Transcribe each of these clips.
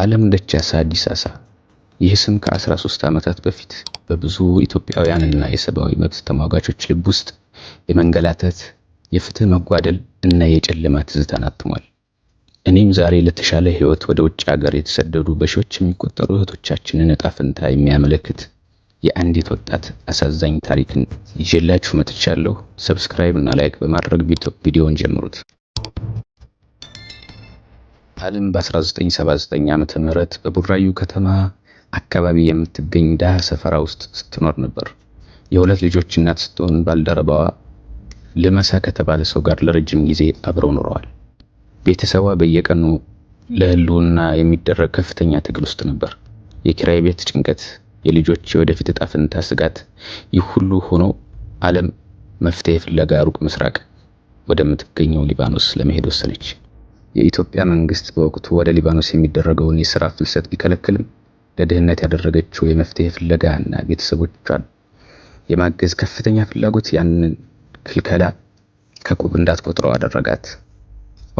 አለም ደቻሳ ዲሳሳ ይህ ስም ከ13 ዓመታት በፊት በብዙ ኢትዮጵያውያንና የሰብአዊ መብት ተሟጋቾች ልብ ውስጥ የመንገላተት፣ የፍትህ መጓደል እና የጨለማ ትዝታን አትሟል። እኔም ዛሬ ለተሻለ ህይወት ወደ ውጭ ሀገር የተሰደዱ በሺዎች የሚቆጠሩ እህቶቻችንን እጣ ፈንታ የሚያመለክት የአንዲት ወጣት አሳዛኝ ታሪክን ይዤላችሁ መጥቻለሁ። ሰብስክራይብ እና ላይክ በማድረግ ቪዲዮውን ጀምሩት። አለም በ1979 ዓ ም በቡራዩ ከተማ አካባቢ የምትገኝ ደሃ ሰፈራ ውስጥ ስትኖር ነበር። የሁለት ልጆች እናት ስትሆን ባልደረባዋ ልመሳ ከተባለ ሰው ጋር ለረጅም ጊዜ አብረው ኖረዋል። ቤተሰቧ በየቀኑ ለህልውና የሚደረግ ከፍተኛ ትግል ውስጥ ነበር። የኪራይ ቤት ጭንቀት፣ የልጆች የወደፊት እጣ ፈንታ ስጋት፣ ይህ ሁሉ ሆኖ አለም መፍትሄ ፍለጋ ሩቅ ምስራቅ ወደምትገኘው ሊባኖስ ለመሄድ ወሰነች። የኢትዮጵያ መንግስት በወቅቱ ወደ ሊባኖስ የሚደረገውን የስራ ፍልሰት ቢከለክልም ለድህነት ያደረገችው የመፍትሄ ፍለጋና ቤተሰቦቿን የማገዝ ከፍተኛ ፍላጎት ያንን ክልከላ ከቁብ እንዳትቆጥረው አደረጋት።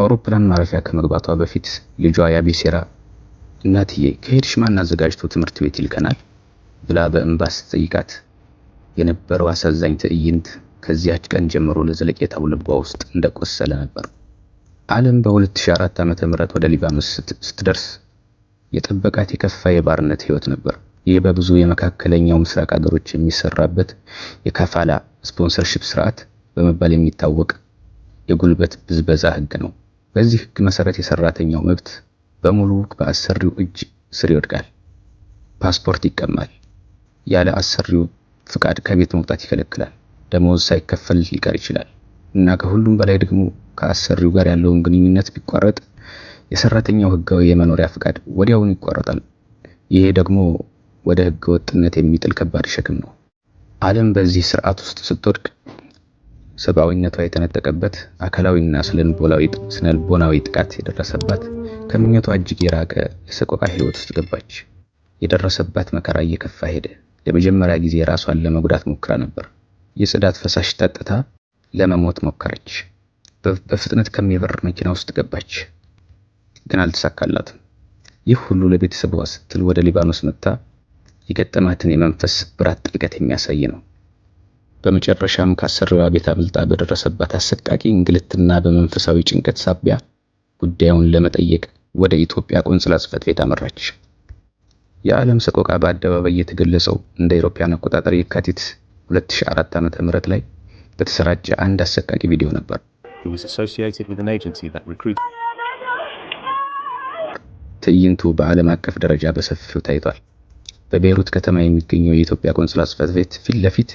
አውሮፕላን ማረፊያ ከመግባቷ በፊት ልጇ ያቢሴራ እናትዬ ከሄድሽ ማን አዘጋጅቶ ትምህርት ቤት ይልከናል ብላ በእንባ ስትጠይቃት የነበረው አሳዛኝ ትዕይንት ከዚያች ቀን ጀምሮ ለዘለቄታው ልቧ ውስጥ እንደቆሰለ ነበር። ዓለም በ2004 ዓ.ም ወደ ሊባኖስ ስትደርስ የጠበቃት የከፋ የባርነት ህይወት ነበር። ይህ በብዙ የመካከለኛው ምስራቅ ሀገሮች የሚሰራበት የካፋላ ስፖንሰርሺፕ ስርዓት በመባል የሚታወቅ የጉልበት ብዝበዛ ህግ ነው። በዚህ ህግ መሰረት የሰራተኛው መብት በሙሉ በአሰሪው እጅ ስር ይወድቃል። ፓስፖርት ይቀማል። ያለ አሰሪው ፍቃድ ከቤት መውጣት ይከለክላል። ደሞዝ ሳይከፈል ሊቀር ይችላል እና ከሁሉም በላይ ደግሞ ከአሰሪው ጋር ያለውን ግንኙነት ቢቋረጥ የሰራተኛው ህጋዊ የመኖሪያ ፍቃድ ወዲያውኑ ይቋረጣል። ይሄ ደግሞ ወደ ህገ ወጥነት የሚጥል ከባድ ሸክም ነው። ዓለም በዚህ ስርዓት ውስጥ ስትወድቅ ሰብአዊነቷ የተነጠቀበት፣ አካላዊና ስነልቦናዊ ጥቃት የደረሰባት፣ ከምኞቷ እጅግ የራቀ የሰቆቃ ህይወት ውስጥ ገባች። የደረሰባት መከራ እየከፋ ሄደ። ለመጀመሪያ ጊዜ ራሷን ለመጉዳት ሞክራ ነበር። የጽዳት ፈሳሽ ጠጥታ ለመሞት ሞከረች። በፍጥነት ከሚበር መኪና ውስጥ ገባች፣ ግን አልተሳካላትም። ይህ ሁሉ ለቤተሰቧ ስትል ወደ ሊባኖስ መጥታ የገጠማትን የመንፈስ ብራት ጥልቀት የሚያሳይ ነው። በመጨረሻም ከአሰሪዋ ቤት አምልጣ በደረሰባት አሰቃቂ እንግልትና በመንፈሳዊ ጭንቀት ሳቢያ ጉዳዩን ለመጠየቅ ወደ ኢትዮጵያ ቆንጽላ ጽፈት ቤት አመራች። የዓለም ሰቆቃ በአደባባይ የተገለጸው እንደ አውሮፓውያን አቆጣጠር የካቲት 2004 ዓ.ም ላይ በተሰራጨ አንድ አሰቃቂ ቪዲዮ ነበር። ትዕይንቱ በዓለም አቀፍ ደረጃ በሰፊው ታይቷል። በቤይሩት ከተማ የሚገኘው የኢትዮጵያ ቆንስላ ጽሕፈት ቤት ፊት ለፊት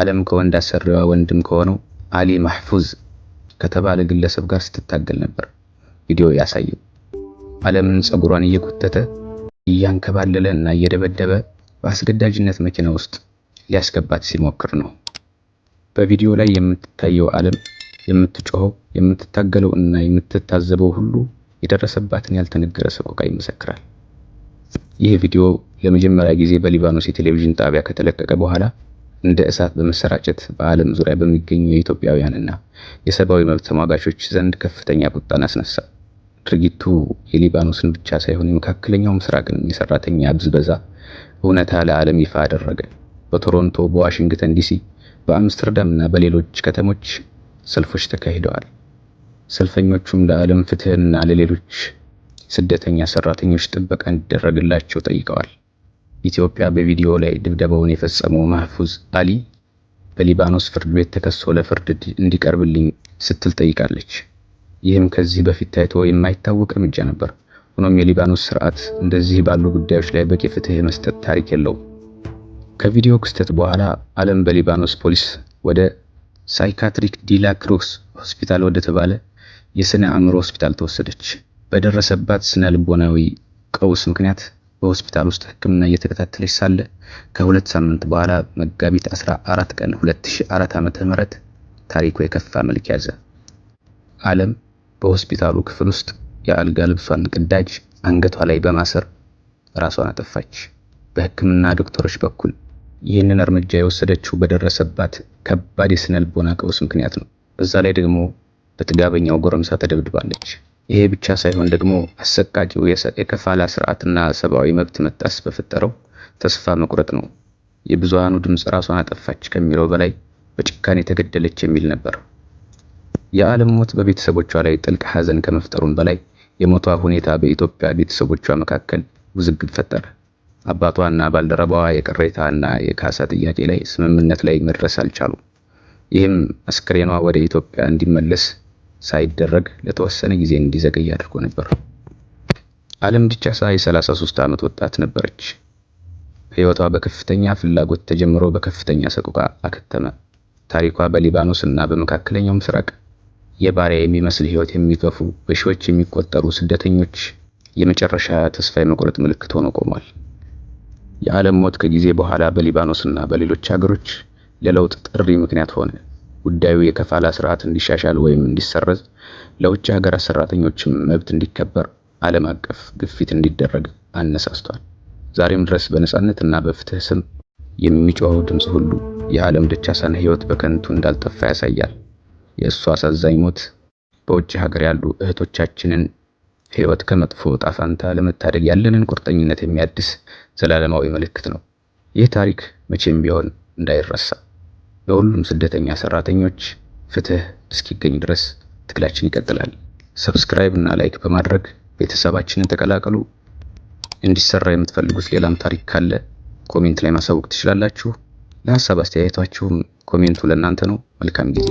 ዓለም ከወንድ አሰሪዋ ወንድም ከሆነው አሊ ማህፉዝ ከተባለ ግለሰብ ጋር ስትታገል ነበር ቪዲዮ ያሳየው። ዓለምን ፀጉሯን እየጎተተ እያንከባለለ እና እየደበደበ በአስገዳጅነት መኪና ውስጥ ሊያስገባት ሲሞክር ነው። በቪዲዮ ላይ የምትታየው ዓለም የምትጮኸው፣ የምትታገለው እና የምትታዘበው ሁሉ የደረሰባትን ያልተነገረ ሰቆቃ ይመሰክራል። ይህ ቪዲዮ ለመጀመሪያ ጊዜ በሊባኖስ የቴሌቪዥን ጣቢያ ከተለቀቀ በኋላ እንደ እሳት በመሰራጨት በዓለም ዙሪያ በሚገኙ የኢትዮጵያውያንና የሰብአዊ መብት ተሟጋቾች ዘንድ ከፍተኛ ቁጣን አስነሳ። ድርጊቱ የሊባኖስን ብቻ ሳይሆን የመካከለኛው ምስራቅን የሰራተኛ ብዝበዛ እውነታ ለዓለም ይፋ አደረገ። በቶሮንቶ፣ በዋሽንግተን ዲሲ፣ በአምስተርዳም እና በሌሎች ከተሞች ሰልፎች ተካሂደዋል። ሰልፈኞቹም ለዓለም ፍትሕና ለሌሎች ስደተኛ ሰራተኞች ጥበቃ እንዲደረግላቸው ጠይቀዋል። ኢትዮጵያ በቪዲዮ ላይ ድብደባውን የፈጸመው ማህፉዝ አሊ በሊባኖስ ፍርድ ቤት ተከሶ ለፍርድ እንዲቀርብልኝ ስትል ጠይቃለች። ይህም ከዚህ በፊት ታይቶ የማይታወቅ እርምጃ ነበር። ሆኖም የሊባኖስ ስርዓት እንደዚህ ባሉ ጉዳዮች ላይ በቂ ፍትህ መስጠት ታሪክ የለውም። ከቪዲዮ ክስተት በኋላ አለም በሊባኖስ ፖሊስ ወደ ሳይካትሪክ ዲላክሮስ ሆስፒታል ወደተባለ የስነ አእምሮ ሆስፒታል ተወሰደች። በደረሰባት ስነ ልቦናዊ ቀውስ ምክንያት በሆስፒታል ውስጥ ሕክምና እየተከታተለች ሳለ ከሁለት ሳምንት በኋላ መጋቢት 14 ቀን 2004 ዓ.ም ታሪኩ የከፋ መልክ ያዘ። አለም በሆስፒታሉ ክፍል ውስጥ የአልጋ ልብሷን ቅዳጅ አንገቷ ላይ በማሰር ራሷን አጠፋች። በሕክምና ዶክተሮች በኩል ይህንን እርምጃ የወሰደችው በደረሰባት ከባድ የስነልቦና ቀውስ ምክንያት ነው። በዛ ላይ ደግሞ በጥጋበኛው ጎረምሳ ተደብድባለች። ይሄ ብቻ ሳይሆን ደግሞ አሰቃቂው የከፋላ ስርዓትና ሰብአዊ መብት መጣስ በፈጠረው ተስፋ መቁረጥ ነው። የብዙሃኑ ድምፅ ራሷን አጠፋች ከሚለው በላይ በጭካኔ ተገደለች የሚል ነበር። የዓለም ሞት በቤተሰቦቿ ላይ ጥልቅ ሐዘን ከመፍጠሩም በላይ የሞቷ ሁኔታ በኢትዮጵያ ቤተሰቦቿ መካከል ውዝግብ ፈጠረ። አባቷና ባልደረባዋ የቅሬታና የካሳ ጥያቄ ላይ ስምምነት ላይ መድረስ አልቻሉም። ይህም አስክሬኗ ወደ ኢትዮጵያ እንዲመለስ ሳይደረግ ለተወሰነ ጊዜ እንዲዘገይ አድርጎ ነበር። ዓለም ዲቻሳ የ33 ዓመት ወጣት ነበረች። ሕይወቷ በከፍተኛ ፍላጎት ተጀምሮ በከፍተኛ ሰቆቃ አከተመ። ታሪኳ በሊባኖስ እና በመካከለኛው ምስራቅ የባሪያ የሚመስል ሕይወት የሚገፉ በሺዎች የሚቆጠሩ ስደተኞች የመጨረሻ ተስፋ የመቁረጥ ምልክት ሆኖ ቆሟል። የዓለም ሞት ከጊዜ በኋላ በሊባኖስና በሌሎች ሀገሮች ለለውጥ ጥሪ ምክንያት ሆነ። ጉዳዩ የከፋላ ስርዓት እንዲሻሻል ወይም እንዲሰረዝ፣ ለውጭ ሀገራት ሰራተኞችም መብት እንዲከበር ዓለም አቀፍ ግፊት እንዲደረግ አነሳስቷል። ዛሬም ድረስ በነጻነት እና በፍትህ ስም የሚጮኸው ድምፅ ሁሉ የዓለም ደቻሳን ህይወት በከንቱ እንዳልጠፋ ያሳያል። የእሱ አሳዛኝ ሞት በውጭ ሀገር ያሉ እህቶቻችንን ህይወት ከመጥፎ ዕጣ ፈንታ ለመታደግ ያለንን ቁርጠኝነት የሚያድስ ዘላለማዊ ምልክት ነው። ይህ ታሪክ መቼም ቢሆን እንዳይረሳ። ለሁሉም ስደተኛ ሰራተኞች ፍትህ እስኪገኝ ድረስ ትግላችን ይቀጥላል። ሰብስክራይብ እና ላይክ በማድረግ ቤተሰባችንን ተቀላቀሉ። እንዲሰራ የምትፈልጉት ሌላም ታሪክ ካለ ኮሜንት ላይ ማሳወቅ ትችላላችሁ። ለሀሳብ አስተያየታችሁም ኮሜንቱ ለእናንተ ነው። መልካም ጊዜ